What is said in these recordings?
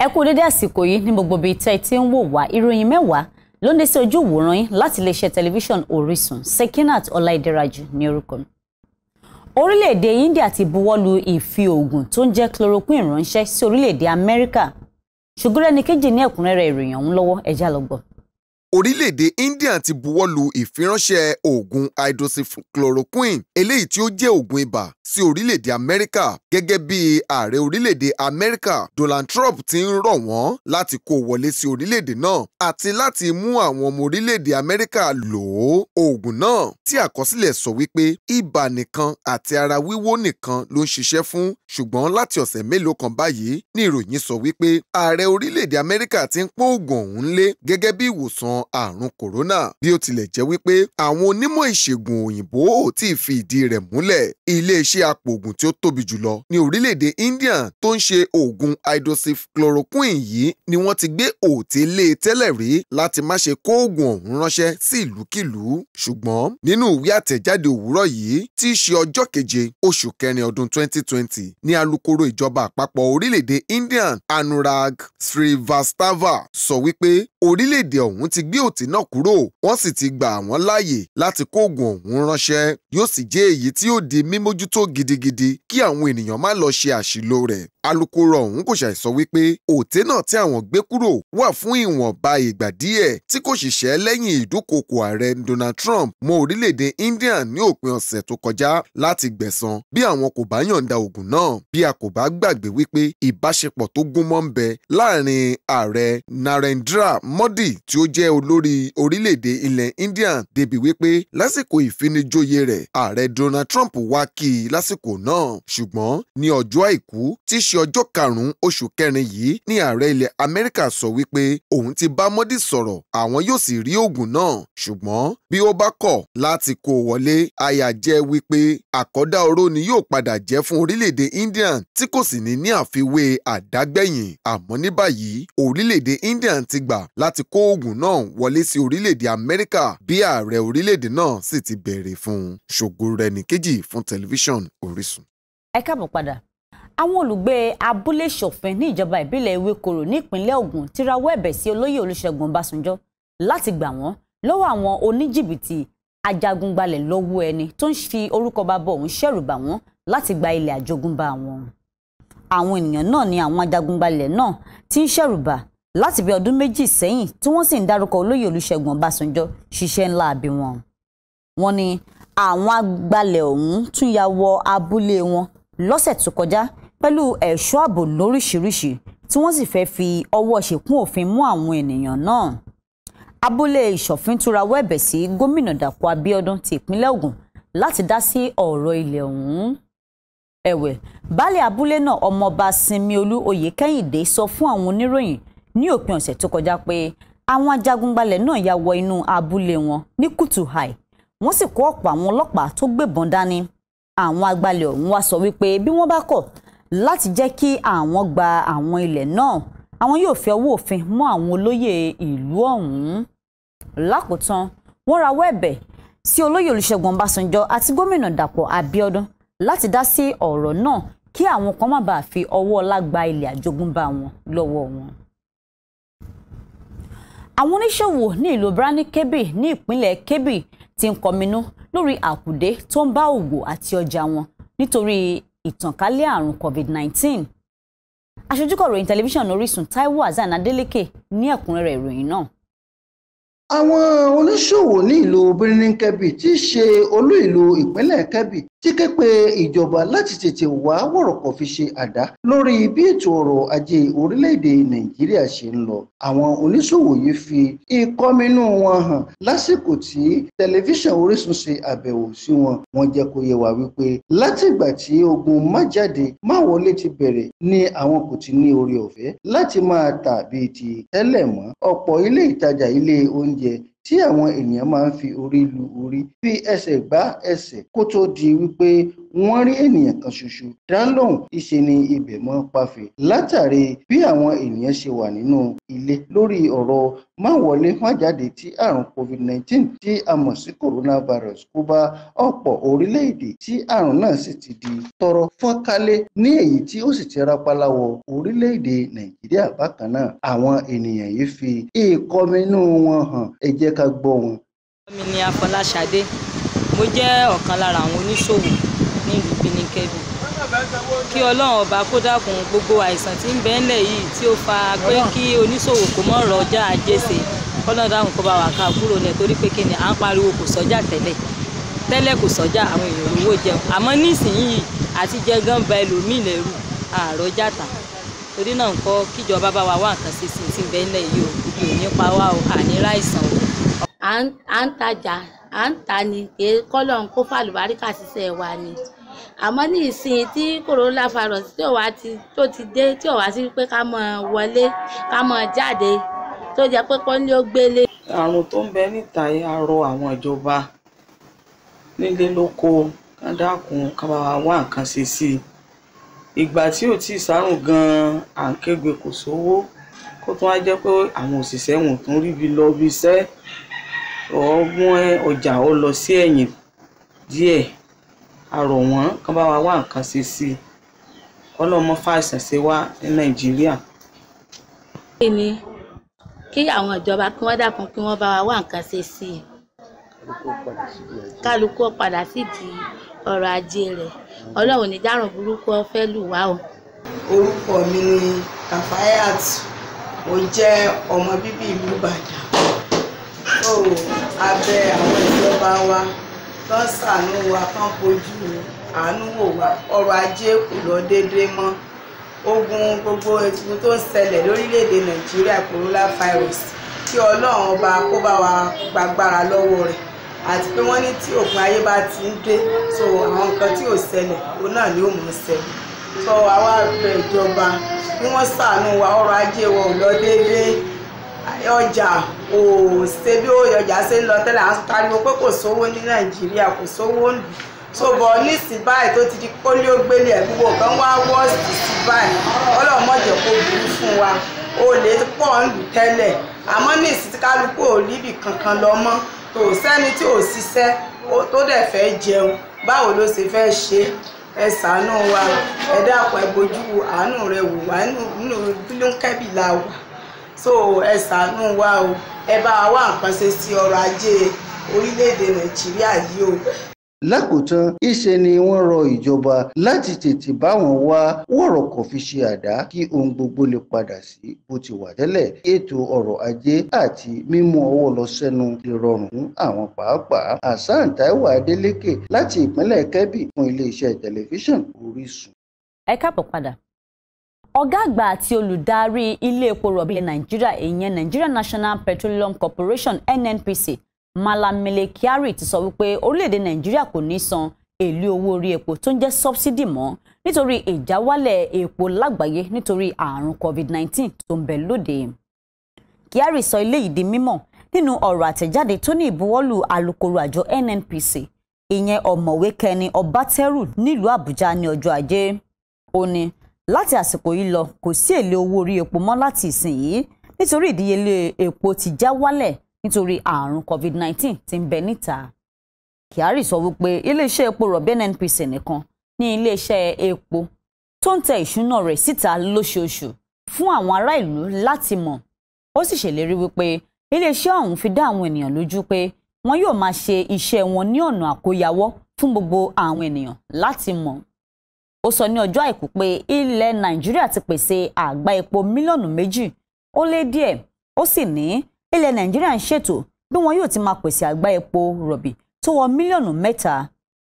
ẹ kú dédé àsìkò yìí ní gbogbo ibi tẹ́ ẹ ti ń wò wá ìròyìn mẹ́wàá ló ń sí ojú ìwòran yín láti iléeṣẹ́ tẹlifíṣàn Orísun Sekinat Ọláìdẹ́rajù ní orúkọ mi. orílẹ̀-èdè India ti buwọ́lu ìfi oògùn tó ń jẹ́ chloroquine ránṣẹ́ sí orílẹ̀-èdè Amẹ́ríkà ṣùgbọ́n ẹnìkejì ní ẹ̀kúnrẹ́rẹ́ ìròyìn ọ̀hún lọ́wọ́ ẹ̀já lọ́gbọ̀n orílẹ̀-èdè India ti buwọ́lu ìfiránṣẹ́ oògùn hydroxychloroquine eléyìí tí ó jẹ́ oògùn ibà sí orílẹ̀-èdè America gẹ́gẹ́ bí ààrẹ orílẹ̀-èdè America Donald Trump ti ń rọ̀ wọ́n láti kó wọlé sí orílẹ̀-èdè náà àti láti mú àwọn ọmọ orílẹ̀-èdè America lò ó oògùn náà tí àkọsílẹ̀ sọ wípé ibà nìkan àti ara wíwó nìkan ló ń ṣiṣẹ́ fún ṣùgbọ́n láti ọ̀sẹ̀ mélòó kan báyìí ni ìròyìn sọ wípé ààrẹ orílẹ̀-èdè Amẹ́ríkà ti ń pọ́n oògùn ọ̀hún lé gẹ́gẹ́ bí ìwòsàn ìtàn àrùn kòrónà bí ó tilẹ̀ jẹ́ wípé àwọn onímọ̀ ìṣègùn òyìnbó ò tí ì fi ìdí rẹ̀ múlẹ̀ iléeṣẹ́ apòògùn tí ó tóbi jùlọ ní orílẹ̀-èdè India tó ń ṣe oògùn hydroxychloroquine yìí ni wọ́n ti gbé òtí lé e tẹ́lẹ̀ rí láti má ṣe kó oògùn ọ̀hún ránṣẹ́ sí ìlúkìlú ṣùgbọ́n nínú ìwé àtẹ̀jáde òwúrọ̀ yìí tí í ṣe ọjọ́ keje oṣù kẹrin ọdún 2020 ní alukoro ìjọba àpapọ̀ orílẹ̀-èdè India Anurag Srivastava sọ wípé orílẹ̀-èdè ọ̀hún ti g gbé òtí náà kúrò wọ́n sì ti gbà wọ́n láàyè láti kó oògùn ọ̀hún ránṣẹ́ yóò sì jẹ́ èyí tí yóò di mímójútó gidigidi kí àwọn ènìyàn má lọ ṣe àṣìlò rẹ̀ alūkkóró ọ̀hún kò ṣàìsọ wípé òté náà tí àwọn gbé kúrò wà fún ìwọ̀nba ìgbà díẹ̀ tí kò ṣiṣẹ́ lẹ́yìn ìdúkokò ààrẹ Donald Trump mọ́ orílẹ̀-èdè India ní òpin ọ̀sẹ̀ tó kọjá láti gbẹ̀san bí àwọn kò bá yọ̀ǹda ògùn náà bí a kò bá gbàgbé wípé ìbáṣepọ̀ tó gún mọ́ ń bẹ láàrin ààrẹ Narendra Modi tí ó jẹ́ olórí orílẹ̀-èdè ilẹ̀ India débi wípé lásìkò ìfinijoyè rẹ̀ ààrẹ Donald Trump wá kí i lásìkò náà ṣùgbọ́n ní ọjọ́ àìkú tí ṣe ọjọ́ karùn-ún oṣù kẹrin yìí ní ààrẹ ilẹ̀ Amẹ́ríkà sọ wípé òun ti bá Modi sọ̀rọ̀ àwọn yóò sì rí oògùn náà ṣùgbọ́n bí ó bá kọ̀ láti kó wọlé àyà jẹ́ wípé àkọ́dá oró ni yóò padà jẹ́ fún orílẹ̀-èdè India tí kò sì ní ní àfiwé àdágbẹ̀yìn àmọ́ ní báyìí orílẹ̀-èdè India ti gbà láti kó oògùn náà wọlé sí orílẹ̀-èdè Amẹ́ríkà bí ààrẹ orílẹ̀-èdè náà sì ti bẹ̀rẹ̀ fún ṣògo rẹ̀ nìkejì fún tẹlifíṣàn Orísun. ẹ káàbọ̀ padà àwọn olùgbé abúlé ṣòfin ní ìjọba ìbílẹ̀ ewékorò nípínlẹ̀ Ògùn ti rawọ́ ẹ̀bẹ̀ sí olóyè Olúṣẹ́gun Ọbásanjọ́ láti gbà wọ́n lọ́wọ́ àwọn oníjìbìtì ajagungbalẹ̀ lọ́wọ́ ẹni tó ń fi orúkọ bàbá òun ṣẹ̀rù bà wọ́n láti gba ilẹ̀ àjogúnbá wọn. àwọn ènìyàn náà ni àwọn ajagungbalẹ̀ náà ti ń ṣẹ̀rù bà láti bí ọdún méjì sẹ́yìn tí wọ́n sì ń dárúkọ olóyè Olúṣẹ́gun Ọbásanjọ́ ṣiṣẹ́ ńlá àbí wọn. wọ́n ní àwọn agbalẹ̀ ọ̀hún tún ya wọ abúlé wọn lọ́sẹ̀ tó kọjá pẹ̀lú ẹ̀ṣọ́ ààbò lóríṣìíríṣìí tí wọ́n sì fẹ́ fi ọwọ́ ṣìkún òfin mú àwọn ènìyàn náà abúlé ìṣọ̀fin túra wẹ́ẹ̀bẹ̀ sí gómìnà dàpọ̀ abíọ́dún ti ìpínlẹ̀ ògùn láti dá sí ọ̀rọ̀ ilẹ̀ ọ̀hún ẹ̀wẹ̀ baálé abúlé náà ọmọọba sinmiolú oyèkẹ́yìndé sọ fún àwọn oníròyìn ní òpin ọ̀sẹ̀ tó kọjá pé àwọn ajagunbalẹ̀ náà ya wọ inú abúlé wọn ní kùtù hàì wọ́n sì kó ọ̀pọ̀ àwọn ọlọ́pàá tó gbébọn dání àwọn agbalẹ̀ ọ̀hún wá sọ wípé bí wọ́n bá kọ̀ láti jẹ́ kí àwọn gba àwọn ilẹ̀ náà àwọn yóò fi ọwọ́ òfin mú àwọn olóyè ìlú ọ̀hún lákòótán wọ́n rawọ́ ẹ̀bẹ̀ sí olóyè olùṣègùn ọbásanjọ́ àti gómìnà dàpọ̀ abíọ́dún láti dá sí ọ̀rọ̀ náà kí àwọn kan má bàa fi ọwọ́ ọlá ilẹ̀ àjogúnbá wọn lọ́wọ́ wọn. àwọn oníṣòwò ní ìlú brani kebbi ní ìpínlẹ̀ kebbi ti ń kọminú lórí àkùdé tó ń bá òwò àti ọjà wọn nítorí ìtànkálẹ̀ àrùn covid-19 aṣojúkọ̀ ròyìn tẹlifíṣàn Orísun Táíwò Hasan Adélékè ní ẹ̀kúnrẹ́rẹ́ ìròyìn náà. àwọn oníṣòwò ní ìlú Birnin Kebbi tí í ṣe olú ìlú ìpínlẹ̀ Kebbi tí ké pe ìjọba láti tètè wá wọ̀rọ̀kọ̀ fi ṣe àdá lórí bí ètò ọrọ̀ ajé orílẹ̀-èdè nàìjíríà ṣe ń lọ. àwọn oníṣòwò yìí fi ìkọminú wọn hàn lásìkò tí tẹlifíṣàn orísun ṣe àbẹ̀wò sí wọn. wọ́n jẹ́ kó yé wa wípé látìgbà tí ogun má jáde má wọlé ti bẹ̀rẹ̀ ni àwọn kò ti ní orí ọ̀fẹ́ láti máa tà bíi ti tẹ́lẹ̀ mọ́. ọ̀pọ̀ ilé ìtajà ilé oúnjẹ tí àwọn ènìyàn máa ń fi orí lu orí fi ẹsẹ̀ gbá ẹsẹ̀ kó tó di wípé wọ́n rí ènìyàn kan ṣoṣo dánlóhùn ìṣe ni ibẹ̀ mọ́ pàfẹ́ látàrí bí àwọn ènìyàn ṣe wà nínú ilé lórí ọ̀rọ̀ má wọlé má jáde tí àrùn covid-19 tí a mọ̀ sí coronavirus kó bá ọ̀pọ̀ orílẹ̀-èdè tí àrùn náà sì ti di tọrọ fọ́nkálé ní èyí tí ó sì ti rápálá wọ orílẹ̀-èdè nàìjíríà bákan náà àwọn ènìyàn yìí fi ìkọminú wọn hàn ẹ jẹ́ ká gbọ́ wọn. mi ni afọláṣadé mo jẹ́ ọ̀kan lára àwọn oníṣòwò kẹ́dùn kí ọlọ́run ọba kó dákun gbogbo àìsàn tí ń bẹ ńlẹ̀ yìí tí ó fa pé kí oníṣòwò kó mọ̀ ọ̀rọ̀ ọjà àjèsè kọ́nà dáhùn kó bá wà ká kúrò lẹ̀ torí pé kí ni à ń pariwo kò sọ́jà tẹ́lẹ̀ tẹ́lẹ̀ kò sọ́jà àwọn èèyàn owó jẹun àmọ́ nísìnyìí àti jẹgán ba ẹlòmíì lẹ́rù àròjà tà torí náà nǹkan kíjọba bá wa wá nǹkan sí sí ti ń bẹ ńlẹ̀ yìí o ibi ò ní pa wá o àní ráìsàn o. à ń tajà à ń ta ni kọ́lọ́n kó fàlùbáríkà ṣiṣẹ́ wa ni àmọ́ ní ìsìn tí corona virus tí ò wá ti tó ti dé tí ò wá sí pé ká mọ wọlé ká mọ jáde tó jẹ́ pé kọ́ ni ó gbélé. àrùn tó ń bẹ níta yìí á rọ àwọn ìjọba nílé lóko ká dákun wá nǹkan ṣe sí i ìgbà tí ò tí ì sárùn gan-an à ń kégbe kò sówó kó tún wá jẹ́ pé àwọn òṣìṣẹ́ wọn tó ń ríbi lọ bí iṣẹ́ ọgbọ́n ọjà ó lọ sí ẹ̀yìn díẹ̀ a rọ̀ wọ́n kán bá wa wá nǹkan ṣe sí i ọlọ́mọ fàìsàn ṣe wá ní nàìjíríà. kí ni kí àwọn ìjọba kí wọ́n dákun kí wọ́n bá wa wá nǹkan ṣe sí i kálukú padà sídìí ọrọ̀ ajé rẹ̀ ọlọ́run ní dáràn burúkú ọ̀fẹ́ lù wá o. orúkọ mi ni Kafayat mo jẹ́ ọmọ bíbí ìlú Ìbàdàn so abẹ́ àwọn ìjọba wa kán ṣàánú wa kán bójú àánú wò wá ọrọ̀ ajé kò lọ déédéé mọ́ ogun gbogbo ewu tó ń ṣẹlẹ̀ lórílẹ̀‐èdè nàìjíríà coronavirus kí ọlọ́run ọba kó bá wa gbàgbára lọ́wọ́ rẹ̀ àti pé wọ́n ní tí òpin ayé bá ti ń dé so àwọn nǹkan tí ò ṣẹlẹ̀ òun náà ni ó mọ̀ ṣẹlẹ̀ so àwa bẹ̀ ìjọba bí wọ́n ṣàánú wa ọrọ̀ ajé wọn ò lọ déédéé ọjà ò ṣe bí ọjà ṣe ń lọ tẹ́lẹ̀ àwọn pariwo pé kò sówó ní nàìjíríà kò sówó ń lù so bọ̀ nísìn báyìí tó ti di pólíò gbélé ẹ̀ gbogbo kan wá wọ́ọ̀sì sí báyìí ọlọ́mọdé kò burú fún wa olè pọ̀ ń lù tẹ́lẹ̀ àmọ́ nísìn tí kálukú ò ríbi kankan lọ mọ́ tó sẹ́ni tí ò ṣiṣẹ́ tó dẹ̀ fẹ́ jẹun báwo ló ṣe fẹ́ ṣe ẹ ṣàánú wa ẹ dákun ẹ bójú àánú rẹ wò wá nínú bílúńkẹ́bì la wà so ẹ ṣàánú wa o ẹ bá wa nǹkan ṣe sí ọrọ̀ ajé orílẹ̀-èdè nàìjíríà yìí o lákòótán ìṣe ni wọ́n rọ ìjọba láti tètè bá wọn wá wọ̀rọ̀ fi ṣe àdá kí ohun gbogbo lè padà sí bó ti wà tẹ́lẹ̀ ètò ọrọ̀ ajé àti mímú ọwọ́ lọ sẹ́nu lè rọrùn fún àwọn pàápàá hasan taiwo adeleke láti ìpínlẹ̀ kebbi fún iléeṣẹ́ tẹlifíṣàn orísun. ẹ káàbọ̀ padà ọ̀gá àgbà àti olùdarí ilé epo rọ̀bì ilẹ̀ nàìjíríà ìyẹn nigeria national petroleum corporation nnpc malamile kyari ti sọ wípé orílẹ̀-èdè nàìjíríà kò ní san èlé owó orí epo tó ń jẹ́ sọ́bsidì mọ́ nítorí ìjáwálẹ̀ epo lágbàáyé nítorí àrùn covid-19 tó ń bẹ lóde kyari sọ eléyìí di mímọ̀ nínú ọ̀rọ̀ àtẹ̀jáde tó ní ìbuwọ́lù alukoro àjọ nnpc ìyẹn ọ̀mọ̀wé kẹni ọbátẹ́rù nílùú àbújá ní ọjọ́ ajé ó ní láti àsìkò yìí lọ kò sí èlé owó orí epo mọ́ láti ìsìn yìí nítorí ìdíyelé epo ti já wálẹ̀ nítorí àrùn covid-19 tí ń bẹ níta kyari sọ wípé iléeṣẹ́ epo rọ̀bì nnpc nìkan ní iléeṣẹ́ epo tó ń tẹ ìṣúná rẹ̀ síta lóṣooṣù fún àwọn ará ìlú láti mọ̀ ó sì ṣèlérí wípé iléeṣẹ́ ọ̀hún fi dá àwọn ènìyàn lójú pé wọn yóò máa ṣe iṣẹ́ wọn ní ọ̀nà àkóyawọ́ fún gbogbo àwọn ènìyàn láti mọ̀ ó sọ ní ọjọ́ àìkú pé ilẹ̀ nàìjíríà ti pèsè àgbá epo mílíọ̀nù méjì ó lé díẹ̀ ó sì ní ilẹ̀ nàìjíríà ń ṣètò bí wọn yóò ti máa pèsè àgbá epo rọ̀bì tó wọ mílíọ̀nù mẹ́ta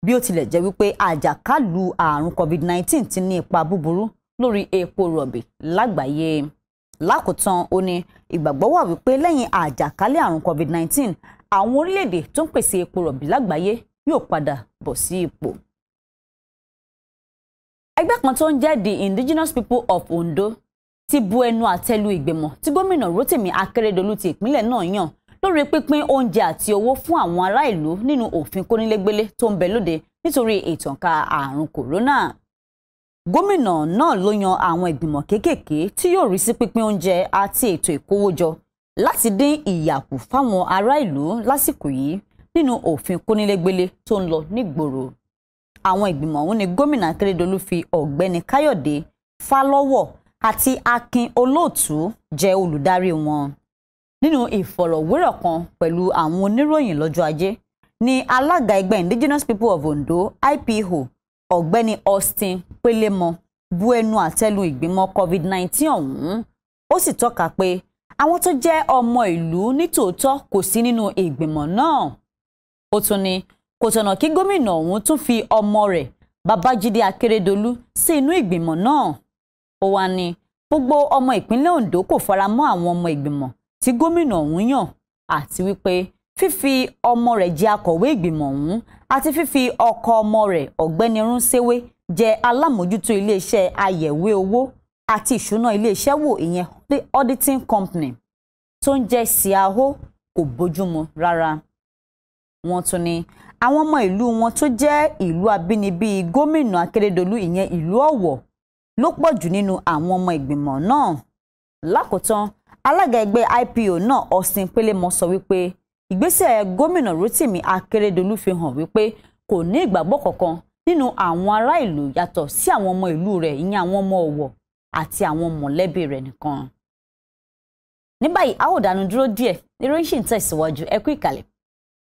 bí ó tilẹ̀ jẹ́ wípé àjàkálù àrùn covid-19 ti ní ipa búburú lórí epo rọ̀bì lágbàáyé lákòótán ó ní ìgbàgbọ́ wà wípé lẹ́yìn àjàkálẹ̀ àrùn covid-19 àwọn orílẹ̀-èdè tó ń pèsè epo rọ̀bì lágbàáyé yóò padà bọ̀ sí ipò ẹgbẹ́ kan tó ń jẹ́ the indigenous people of Ondo ti bu ẹnu àtẹ́lu ìgbìmọ̀ tí gómìnà Rotimi Akeredolu ti ìpínlẹ̀ náà yàn lórí pínpín oúnjẹ àti owó fún àwọn ará ìlú nínú òfin kónílégbélé tó ń bẹ lóde nítorí ìtànká àrùn kòrónà gómìnà náà ló yan àwọn ìgbìmọ̀ kéékèèké tí yóò rí sí pínpín oúnjẹ àti ètò ìkówójọ láti dín ìyà kù fáwọn ará ìlú lásìkò yìí nínú òfin kónílégbélé tó ń lọ nígboro àwọn ìgbìmọ̀ ọ̀hún ni gómìnà akérèdọ́lù fi ọ̀gbẹ́ni káyọ̀dé fálọ́wọ̀ àti akin olóòtú jẹ́ olùdarí wọn nínú ìfọ̀rọ̀wérọ̀ kan pẹ̀lú àwọn oníròyìn lọ́jọ́ ajé ni alága ẹgbẹ́ indigenous people of ondo ipo ọ̀gbẹ́ni austin pélémọ bu ẹnu àtẹ́lu ìgbìmọ̀ covid-19 ọ̀hún ó sì tọ́ka pé àwọn tó jẹ́ ọmọ ìlú nítòótọ́ kò sí nínú ìgbìmọ̀ náà ó tún ní kò tọ̀nà kí gómìnà ọ̀hún tún fi ọmọ rẹ̀ babájídé akérèdọ́lù sí inú ìgbìmọ̀ náà ó wá ní gbogbo ọmọ ìpínlẹ̀ ondo kò fara mọ́ àwọn ọmọ ìgbìmọ̀ tí gómìnà ọ̀hún yàn àti wípé fífi ọmọ rẹ̀ jẹ́ akọ̀wé ìgbìmọ̀ ọ̀hún àti fífi ọkọ ọmọ rẹ̀ ọ̀gbẹ́ni rúnṣẹ́wé jẹ́ alámòjútó iléeṣẹ́ àyẹ̀wé owó àti ìṣúná iléeṣẹ́ wò ìyẹn auditing company tó ń jẹ́ siaho kò bójúmu rárá wọ́n tún ní àwọn ọmọ ìlú wọn tó jẹ́ ìlú abínibí gómìnà Akérédolú ìyẹn ìlú Ọ̀wọ̀ ló pọ̀ jù nínú àwọn ọmọ ìgbìmọ̀ náà lákòótán alága ẹgbẹ́ IPO náà Austin Pelemọ sọ wípé ìgbésẹ̀ gómìnà Rotimi Akérédolú fi hàn wípé kò ní ìgbàgbọ́ kankan nínú àwọn ará ìlú yàtọ̀ sí àwọn ọmọ ìlú rẹ̀ ìyẹn àwọn ọmọ Ọ̀wọ̀ àti àwọn mọ̀lẹ́bí rẹ̀ nìkan. ní báyìí a ó dánu dúró díẹ̀ eré ń ṣì ń tẹ̀síwájú ẹ kú